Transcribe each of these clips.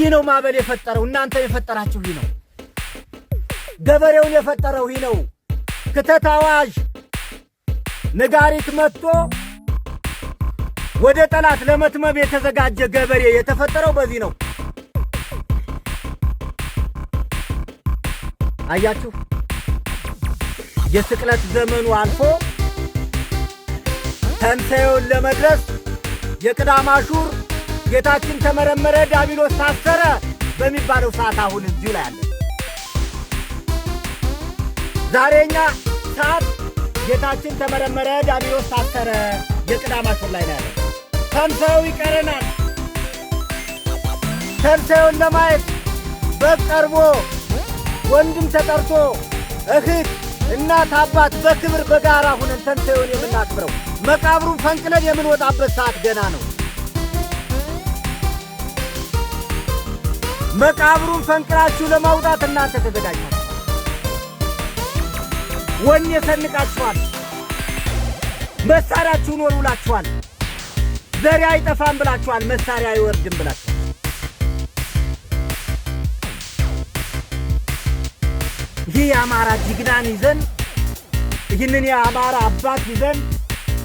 ይህ ነው ማዕበል የፈጠረው፣ እናንተ የፈጠራችሁ ይህ ነው። ገበሬውን የፈጠረው ይህ ነው። ክተት አዋዥ ነጋሪት መጥቶ ወደ ጠላት ለመትመብ የተዘጋጀ ገበሬ የተፈጠረው በዚህ ነው። አያችሁ፣ የስቅለት ዘመኑ አልፎ ተንሳዩን ለመድረስ የቅዳማ ሹር? ጌታችን ተመረመረ፣ ዲያብሎስ ታሰረ በሚባለው ሰዓት አሁን እዚሁ ላይ አለ። ዛሬ እኛ ሰዓት ጌታችን ተመረመረ፣ ዲያብሎስ ታሰረ የቅዳማ አስር ላይ ነው ያለ። ተንሰው ይቀረናል። ተንሰውን ለማየት በግ ቀርቦ ወንድም ተጠርቶ እህት፣ እናት፣ አባት በክብር በጋራ ሁነን ተንሰውን የምናክብረው መቃብሩን ፈንቅለን የምንወጣበት ሰዓት ገና ነው። መቃብሩን ፈንቅላችሁ ለማውጣት እናንተ ተዘጋጃችሁ፣ ወኔ ሰንቃችኋል፣ መሳሪያችሁን ወርውላችኋል። ዘሬ አይጠፋም ብላችኋል፣ መሳሪያ አይወርድም ብላችኋል። ይህ የአማራ ጅግናን ይዘን ይህንን የአማራ አባት ይዘን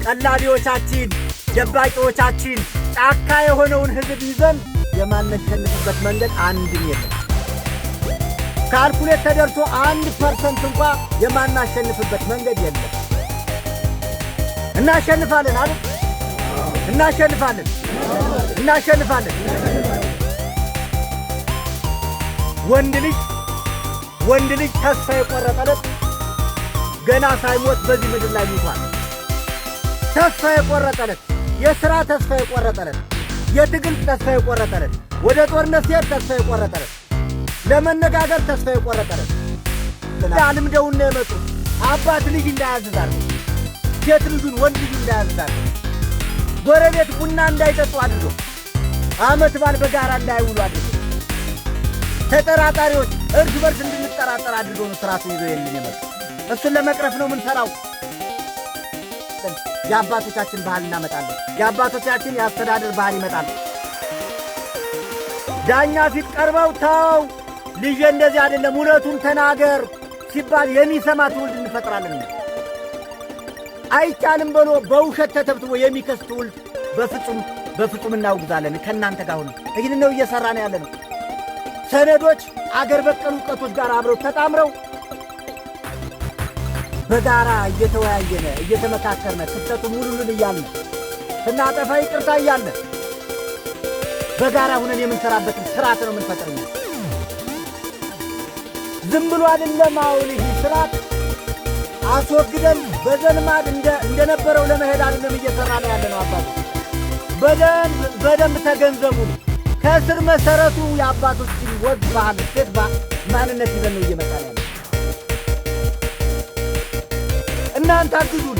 ቀላቢዎቻችን፣ ደባቂዎቻችን ጫካ የሆነውን ሕዝብ ይዘን የማነሸንፍበት መንገድ አንድም የለም። ካልኩሌት ተደርሶ አንድ ፐርሰንት እንኳ የማናሸንፍበት መንገድ የለም። እናሸንፋለን አይደል? እናሸንፋለን፣ እናሸንፋለን። ወንድ ልጅ ወንድ ልጅ ተስፋ የቆረጠለት ገና ሳይሞት በዚህ ምድር ላይ ይቷል። ተስፋ የቆረጠለት የሥራ ተስፋ የቆረጠለት የትግል ተስፋ የቆረጠልን፣ ወደ ጦርነት ሲሄድ ተስፋ የቆረጠልን፣ ለመነጋገር ተስፋ የቆረጠልን አልምደውና የመጡ አባት ልጅ እንዳያዝዛል፣ ሴት ልጁን ወንድ ልጅ እንዳያዝዛል፣ ጎረቤት ቡና እንዳይጠጡ አድርጎ አመት ባል በጋራ እንዳይውሉ አድርጎ ተጠራጣሪዎች እርስ በርስ እንድንጠራጠር አድርጎ ነው ስራቱ ይዘው የምን የመጡ እሱን ለመቅረፍ ነው የምንሰራው። የአባቶቻችን ባህል እናመጣለን። የአባቶቻችን የአስተዳደር ባህል ይመጣል። ዳኛ ፊት ቀርበው ተው ልጄ እንደዚህ አይደለም እውነቱን ተናገር ሲባል የሚሰማ ትውልድ እንፈጥራለን። አይቻልም ብሎ በውሸት ተተብትቦ የሚከስ ትውልድ በፍጹም በፍጹም እናውግዛለን። ከእናንተ ጋር ሆነ ይህን ነው እየሠራ ነው ያለ ነው። ሰነዶች አገር በቀል እውቀቶች ጋር አብረው ተጣምረው በጋራ እየተወያየነ እየተመካከርነ ክፍተቱ ሙሉልን እያልን ስናጠፋ ይቅርታ እያለ በጋራ ሁነን የምንሰራበትን ስርዓት ነው የምንፈጥርነ ዝም ብሎ አይደለም። አሁን ይህ ስርዓት አስወግደን በዘልማድ እንደነበረው ለመሄድ አይደለም እየሰራ ነው ያለ ነው። አባቶች በደንብ በደንብ ተገንዘቡ። ከስር መሰረቱ የአባቶችን ወግ፣ ባህል፣ ሴት ማንነት ይዘን ነው እየመጣ ያለ እናንተ አግዙን።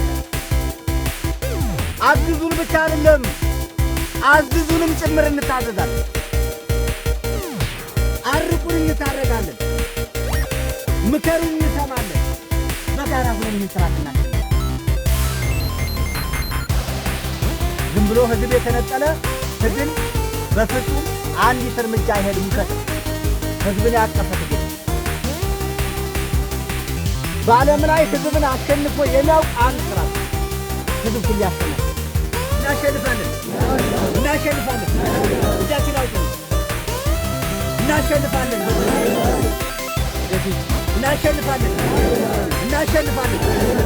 አግዙን ብቻ አይደለም አዝዙንም ጭምር እንታዘዛለን። አርቁን እንታረጋለን። ምከሩን እንሰማለን። በጋራ ሁን እንስራትና ዝም ብሎ ህዝብ የተነጠለ ትግል በፍጹም አንዲት እርምጃ ይሄድ ሙከት ህዝብን ያቀፈ ትግል በዓለም ላይ ህዝብን አሸንፎ የሚያውቅ አንድ ስራ ህዝብ ሁሉ ያሸንፋል። እናሸንፋለን፣ እናሸንፋለን፣ እጃችን አውጥ፣ እናሸንፋለን፣ እናሸንፋለን፣ እናሸንፋለን